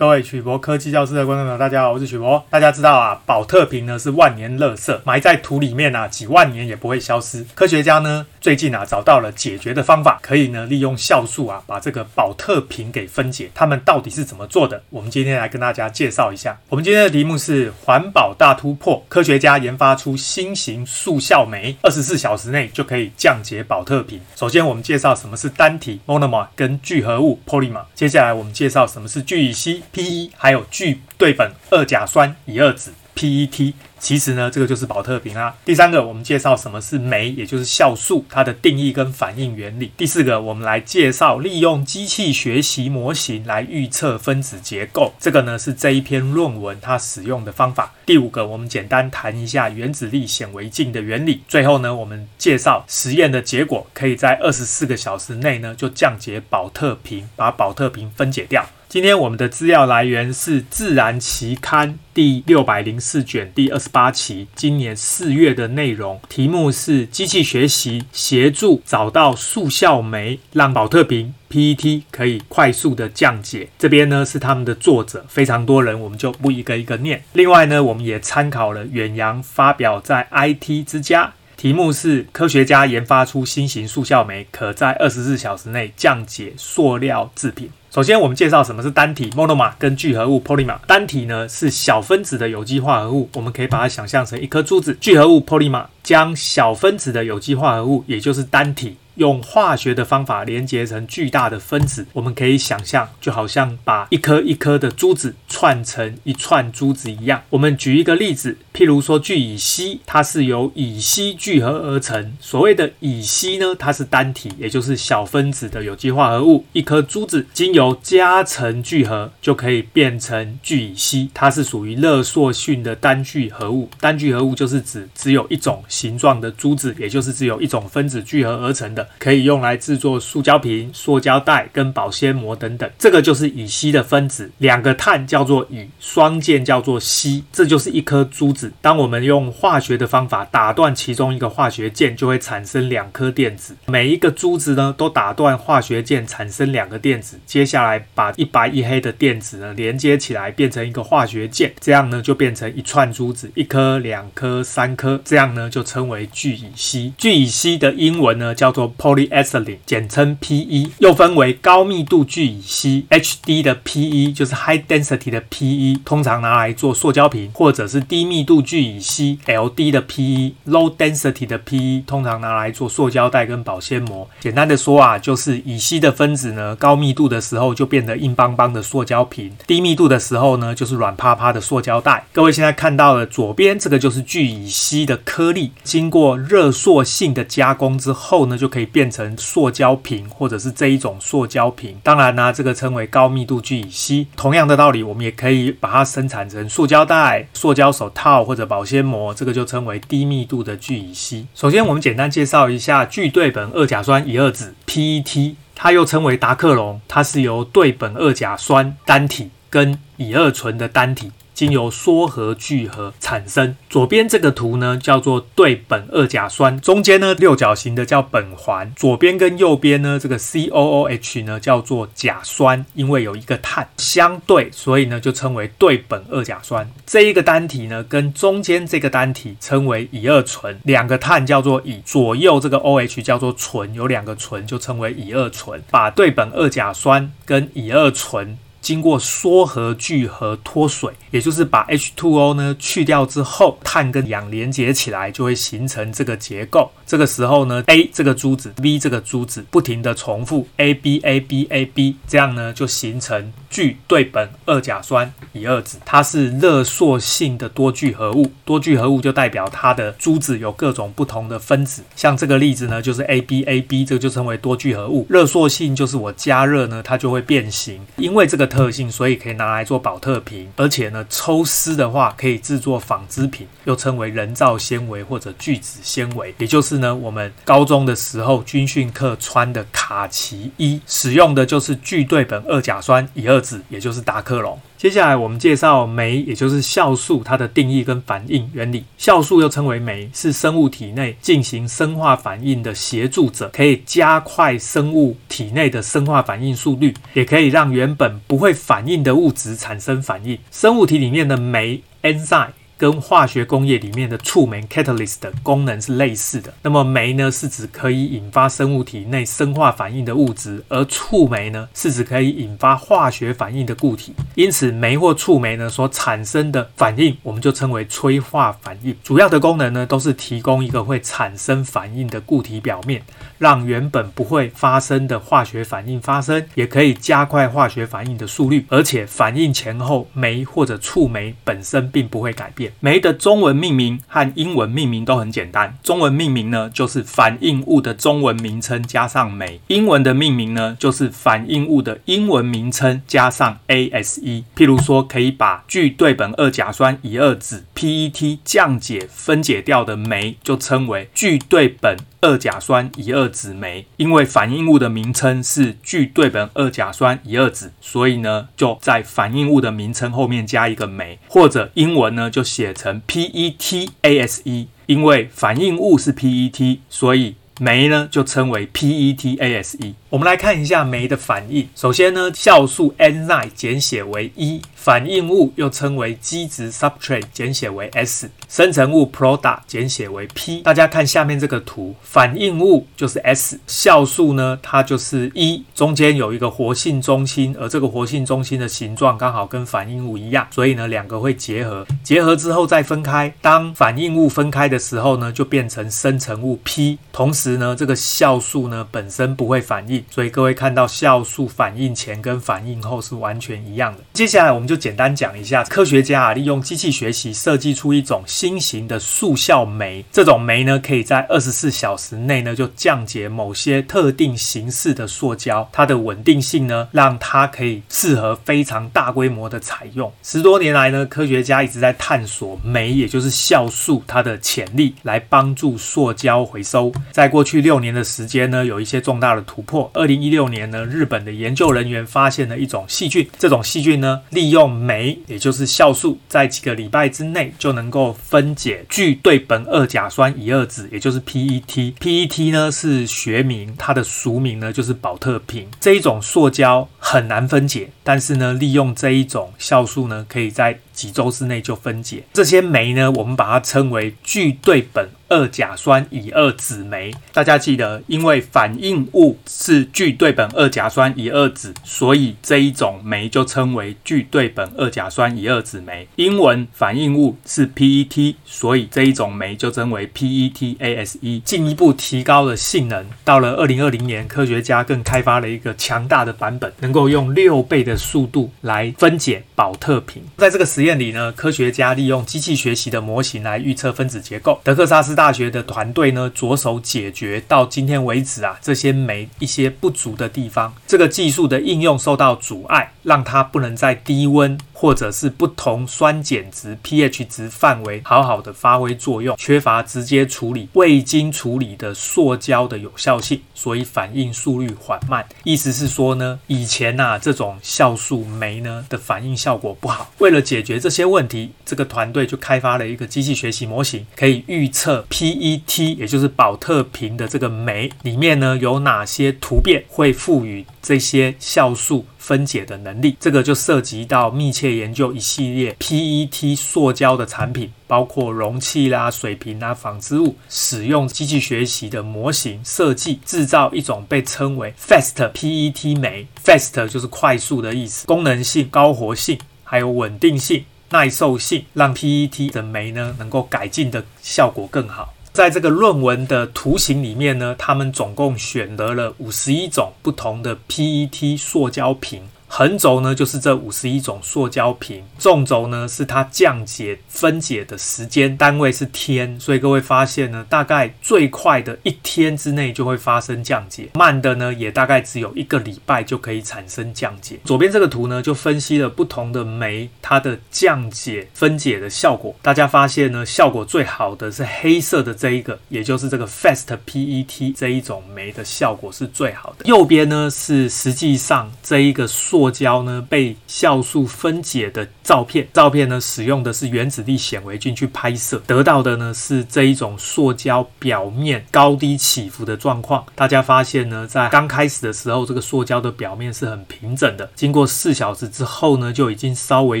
各位曲博科技教室的觀眾朋友，大家好，我是曲博。大家知道啊，寶特瓶呢是萬年垃圾，埋在土裡面啊，幾萬年也不會消失。科學家呢最近啊找到了解決的方法，可以呢利用酵素啊把這個寶特瓶給分解。他們到底是怎麼做的？我們今天來跟大家介紹一下。我們今天的題目是環保大突破，科學家研發出新型速效酶，二十四小時內就可以降解寶特瓶。首先我們介紹什麼是單體 monomer 跟聚合物 （polymer）。接下來我們介紹什麼是聚乙烯。1 P E 還有聚對苯二甲酸乙二酯 P E T，其實呢這個就是寶特瓶啦、啊。第三個，我們介紹什麼是酶，也就是酵素，它的定義跟反應原理。第四個，我們來介紹利用機器學習模型來預測分子結構，這個呢是這一篇論文它使用的方法。第五個，我們簡單談一下原子力顯微鏡的原理。最後呢，我們介紹實驗的結果，可以在二十四個小時內呢就降解寶特瓶，把寶特瓶分解掉。今天我們的資料來源是《自然》期刊第六百零四卷第二十八期，今年四月的內容，題目是“機器學習協助找到速效酶，讓寶特瓶 PET 可以快速的降解”。這邊呢是他們的作者，非常多人，我們就不一個一個念。另外呢，我們也參考了《遠洋》發表在 IT 之家。題目是科學家研發出新型速效酶，可在二十四小時內降解塑料制品。首先，我們介紹什麼是單體 m o n o m a 跟聚合物 （polymer）。單體呢是小分子的有機化合物，我們可以把它想象成一顆珠子。聚合物 （polymer） 將小分子的有機化合物，也就是單體。用化學的方法連接成巨大的分子，我們可以想象，就好像把一顆一顆的珠子串成一串珠子一樣。我們舉一個例子，譬如說聚乙烯，它是由乙烯聚合而成。所謂的乙烯呢，它是單體，也就是小分子的有機化合物，一顆珠子經由加成聚合就可以變成聚乙烯。它是屬於熱塑性的單聚合物。單聚合物就是指只有一種形狀的珠子，也就是只有一種分子聚合而成的。可以用來製作塑膠瓶、塑膠袋跟保鮮膜等等，這個就是乙烯的分子，兩個碳叫做乙，雙鍵叫做烯，這就是一顆珠子。當我們用化學的方法打斷其中一個化學鍵，就會產生兩顆電子，每一個珠子呢都打斷化學鍵產生兩個電子。接下來把一白一黑的電子呢連接起來，變成一個化學鍵，這樣呢就變成一串珠子，一顆、兩顆、三顆，這樣呢就稱為聚乙烯。聚乙烯的英文呢叫做。Polyethylene，簡稱 PE，又分為高密度聚乙烯 HD 的 PE，就是 high density 的 PE，通常拿來做塑膠瓶，或者是低密度聚乙烯 LD 的 PE，low density 的 PE，通常拿來做塑膠袋跟保鮮膜。簡單的說啊，就是乙烯的分子呢，高密度的時候就變得硬邦邦的塑膠瓶，低密度的時候呢，就是軟趴趴的塑膠袋。各位現在看到了左邊這個就是聚乙烯的顆粒，經過熱塑性的加工之後呢，就可以。可以變成塑膠瓶，或者是這一種塑膠瓶，當然呢、啊，這個稱為高密度聚乙烯。同樣的道理，我們也可以把它生產成塑膠袋、塑膠手套或者保鮮膜，這個就稱為低密度的聚乙烯。首先，我們簡單介紹一下聚對苯二甲酸乙二酯 （PET），它又稱為達克龍，它是由對苯二甲酸單體跟乙二醇的單體。經由縮合聚合產生。左邊這個圖呢叫做對苯二甲酸，中間呢六角形的叫苯環，左邊跟右邊呢這個 COOH 呢叫做甲酸，因為有一個碳相對，所以呢就稱為對苯二甲酸。這一個單體呢跟中間這個單體稱為乙二醇，兩個碳叫做乙，左右這個 OH 叫做醇，有兩個醇就稱為乙二醇。把對苯二甲酸跟乙二醇。經過縮合、聚合、脫水，也就是把 H2O 呢去掉之後，碳跟氧連接起來，就會形成這個結構。這個時候呢，A 這個珠子、B 這個珠子不停地重複 ABABAB，這樣呢就形成聚對苯二甲酸乙二酯。它是熱塑性的多聚合物。多聚合物就代表它的珠子有各種不同的分子。像這個例子呢，就是 ABAB，這個就稱為多聚合物。熱塑性就是我加熱呢，它就會變形，因為這個。特性，所以可以拿來做寶特瓶，而且呢，抽絲的話可以製作紡織品，又稱為人造纖維或者聚酯纖維，也就是呢，我們高中的時候軍訓課穿的卡其衣，使用的就是聚對苯二甲酸乙二酯，也就是達克龍。接下來我們介紹酶，也就是酵素，它的定義跟反應原理。酵素又稱為酶，是生物體內進行生化反應的協助者，可以加快生物體內的生化反應速率，也可以讓原本不會反應的物質產生反應。生物體裡面的酶 （enzyme）。En 跟化學工業裡面的觸媒 catalyst 的功能是類似的。那麼酶呢，是指可以引發生物體內生化反應的物質，而觸媒呢，是指可以引發化學反應的固體。因此，酶或觸媒呢，所產生的反應，我們就稱為催化反應。主要的功能呢，都是提供一個會產生反應的固體表面。讓原本不會發生的化學反應發生，也可以加快化學反應的速率，而且反應前後酶或者觸媒本身並不會改變。酶的中文命名和英文命名都很簡單，中文命名呢就是反應物的中文名稱加上酶，英文的命名呢就是反應物的英文名稱加上 ase。譬如說，可以把聚對苯二甲酸乙二酯 （PET） 降解分解掉的酶就稱為聚對苯。二甲酸乙二酯酶，因為反應物的名稱是聚對苯二甲酸乙二酯，所以呢就在反應物的名稱後面加一個酶，或者英文呢就寫成 PETase，、e, 因為反應物是 PET，所以。酶呢就稱為 PETASE、e。我們來看一下酶的反應。首先呢，酵素 enzyme 簡寫為 E，反應物又稱為基質 substrate 簡寫為 S，生成物 product 簡寫為 P。大家看下面這個圖，反應物就是 S，酵素呢它就是 E，中間有一個活性中心，而這個活性中心的形狀剛好跟反應物一樣，所以呢兩個會結合，結合之後再分開。當反應物分開的時候呢，就變成生成物 P，同時。呢，這個酵素呢本身不會反應，所以各位看到酵素反應前跟反應後是完全一樣的。接下來我們就簡單講一下，科學家啊利用機器學習設計出一種新型的速效酶，這種酶呢可以在二十四小時內呢就降解某些特定形式的塑膠，它的穩定性呢讓它可以適合非常大規模的採用。十多年來呢，科學家一直在探索酶，也就是酵素它的潛力，來幫助塑膠回收。再過。過去六年的時間呢，有一些重大的突破。二零一六年呢，日本的研究人員發現了一種細菌，這種細菌呢，利用酶，也就是酵素，在幾個禮拜之內就能夠分解聚對苯二甲酸乙二酯，也就是 PET。PET 呢是學名，它的俗名呢就是寶特瓶。這一種塑膠很難分解，但是呢，利用這一種酵素呢，可以在幾周之內就分解。這些酶呢，我們把它稱為聚對苯二甲酸乙二酯酶。大家記得，因為反應物是聚對苯二甲酸乙二酯，所以這一種酶就稱為聚對苯二甲酸乙二酯酶。英文反應物是 PET，所以這一種酶就稱為 PETase。進一步提高了性能，到了二零二零年，科學家更開發了一個強大的版本，能夠用六倍的速度來分解寶特瓶。在這個實驗。這裡呢，科學家利用機器學習的模型來預測分子結構。德克薩斯大學的團隊呢，着手解決到今天為止啊，這些酶一些不足的地方。這個技術的應用受到阻礙，讓它不能在低溫或者是不同酸鹼值 （pH 值）範圍好好的發揮作用。缺乏直接處理未經處理的塑膠的有效性，所以反應速率緩慢。意思是說呢，以前啊，這種酵素酶呢的反應效果不好。為了解決。這些問題，這個團隊就開發了一個機器學習模型，可以預測 PET，也就是寶特瓶的這個酶裡面呢，有哪些突變會賦予這些酵素分解的能力。這個就涉及到密切研究一系列 PET 塑膠的產品，包括容器啦、水瓶啊、紡織物，使用機器學習的模型設計制造一種被稱為 Fast PET 酶，Fast 就是快速的意思，功能性高活性。還有穩定性、耐受性，讓 PET 的酶呢，能夠改進的效果更好。在這個論文的圖形裡面呢，他們總共選擇了五十一種不同的 PET 塑膠瓶。橫軸呢就是這五十一種塑膠瓶，縱軸呢是它降解分解的時間，單位是天。所以各位發現呢，大概最快的一天之內就會發生降解，慢的呢也大概只有一個禮拜就可以產生降解。左邊這個圖呢就分析了不同的酶它的降解分解的效果。大家發現呢，效果最好的是黑色的這一個，也就是這個 fast PET 這一種酶的效果是最好的。右邊呢是實際上這一個塑。塑膠呢被酵素分解的照片，照片呢使用的是原子力顯微鏡去拍攝，得到的呢是這一種塑膠表面高低起伏的狀況。大家發現呢，在剛開始的時候，這個塑膠的表面是很平整的。經過四小時之後呢，就已經稍微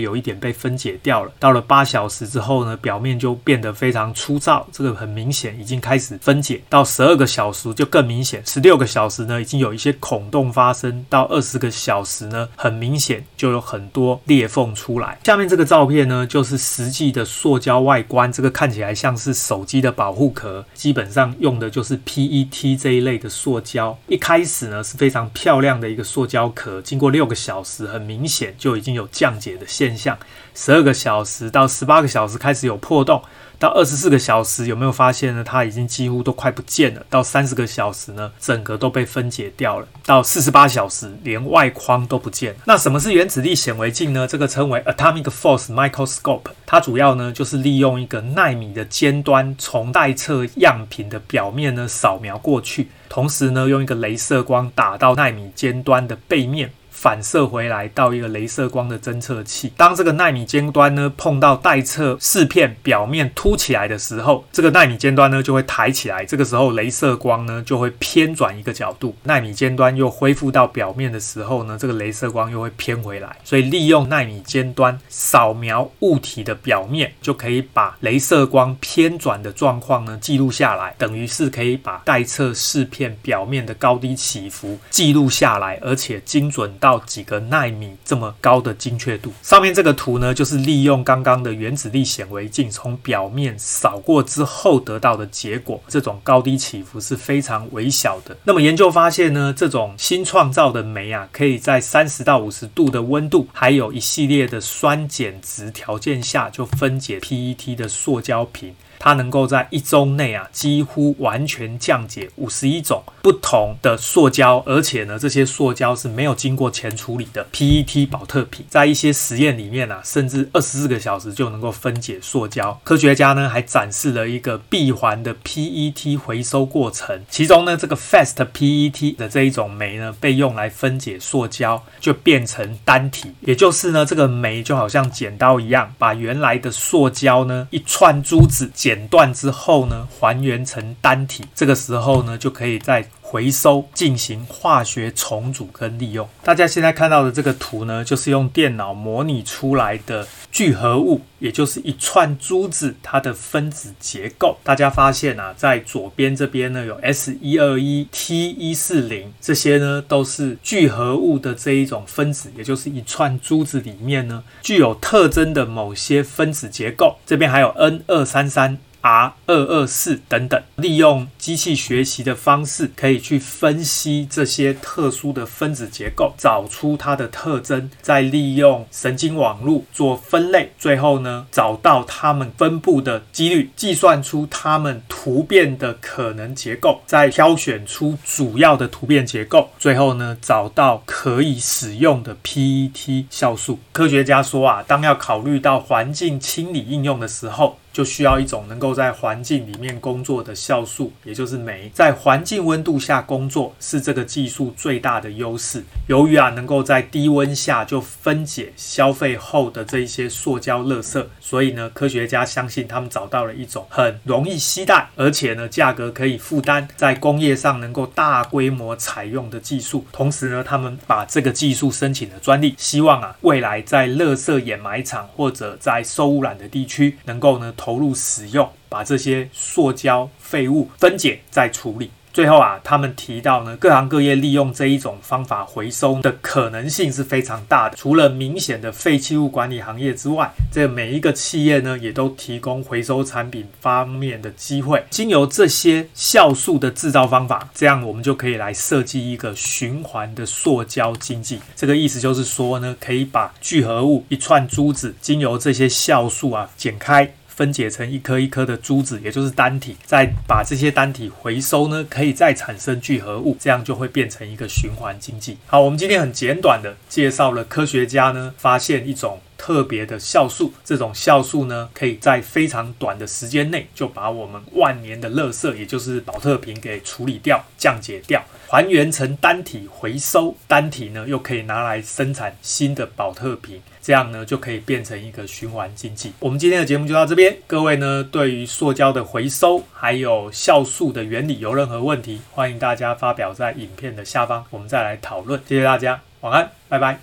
有一點被分解掉了。到了八小時之後呢，表面就變得非常粗糙。這個很明顯已經開始分解。到十二個小時就更明顯，十六個小時呢已經有一些孔洞發生。到二十個小時呢。很明顯就有很多裂縫出來。下面這個照片呢，就是實際的塑膠外觀。這個看起來像是手機的保護殼，基本上用的就是 PET 這一類的塑膠。一開始呢是非常漂亮的一個塑膠殼，經過六個小時，很明顯就已經有降解的現象。十二個小時到十八個小時開始有破洞。到二十四個小時，有沒有發現呢？它已經幾乎都快不見了。到三十個小時呢，整個都被分解掉了。到四十八小時，連外框都不見了。那什麼是原子力顯微鏡呢？這個稱為 Atomic Force Microscope，它主要呢就是利用一個奈米的尖端從待測樣品的表面呢掃描過去，同時呢用一個雷射光打到奈米尖端的背面。反射回來到一個雷射光的偵測器。當這個奈米尖端呢碰到待測試片表面凸起來的時候，這個奈米尖端呢就會抬起來。這個時候雷射光呢就會偏轉一個角度。奈米尖端又恢復到表面的時候呢，這個雷射光又會偏回來。所以利用奈米尖端掃描物體的表面，就可以把雷射光偏轉的狀況呢記錄下來，等於是可以把待測試片表面的高低起伏記錄下來，而且精準到。到幾個奈米這麼高的精確度，上面這個圖呢，就是利用剛剛的原子力顯微鏡從表面掃過之後得到的結果。這種高低起伏是非常微小的。那麼研究發現呢，這種新創造的酶啊，可以在三十到五十度的溫度，還有一系列的酸鹼值條件下，就分解 PET 的塑膠瓶。它能夠在一周內啊，幾乎完全降解五十一種不同的塑膠，而且呢，這些塑膠是沒有經過前處理的 PET 寶特瓶，在一些實驗裡面啊，甚至二十四個小時就能夠分解塑膠。科學家呢，還展示了一個閉環的 PET 回收過程，其中呢，這個 Fast PET 的這一種酶呢，被用來分解塑膠，就變成單體。也就是呢，這個酶就好像剪刀一樣，把原來的塑膠呢，一串珠子剪。剪斷之後呢，還原成單體，這個時候呢，就可以再回收，進行化學重組跟利用。大家現在看到的這個圖呢，就是用電腦模擬出來的。聚合物，也就是一串珠子，它的分子結構，大家發現啊，在左邊這邊呢有 S 一二一 T 一四零，這些呢都是聚合物的這一種分子，也就是一串珠子裡面呢具有特徵的某些分子結構。這邊還有 N 二三三。R 二二四等等，利用機器學習的方式可以去分析這些特殊的分子結構，找出它的特徵，再利用神經網絡做分類，最後呢找到它們分布的幾率，計算出它們突變的可能結構，再挑選出主要的突變結構，最後呢找到可以使用的 PET 酵素。科學家說啊，當要考慮到環境清理應用的時候。就需要一種能夠在環境裡面工作的酵素，也就是酶，在環境溫度下工作是這個技術最大的優勢。由於啊，能夠在低溫下就分解消費後的這一些塑膠垃圾，所以呢，科學家相信他們找到了一種很容易攜帶，而且呢，價格可以負擔，在工業上能夠大規模採用的技術。同時呢，他們把這個技術申請了專利，希望啊，未來在垃圾掩埋場或者在受污染的地區能夠呢。投入使用，把這些塑膠廢物分解再處理。最後啊，他們提到呢，各行各業利用這一種方法回收的可能性是非常大的。除了明顯的廢棄物管理行業之外，這每一個企業呢，也都提供回收產品方面的機會。經由這些酵素的制造方法，這樣我們就可以來設計一個循環的塑膠經濟。這個意思就是說呢，可以把聚合物一串珠子，經由這些酵素啊，剪開。分解成一顆一顆的珠子，也就是單體，再把這些單體回收呢，可以再產生聚合物，這樣就會變成一個循環經濟。好，我們今天很簡短的介紹了科學家呢，發現一種。特別的酵素，這種酵素呢，可以在非常短的時間內就把我們萬年的垃圾，也就是寶特瓶給處理掉、降解掉，還原成單體，回收單體呢，又可以拿來生產新的寶特瓶，這樣呢就可以變成一個循環經濟。我們今天的節目就到這邊，各位呢，對於塑膠的回收還有酵素的原理有任何問題，歡迎大家發表在影片的下方，我們再來討論。謝謝大家，晚安，拜拜。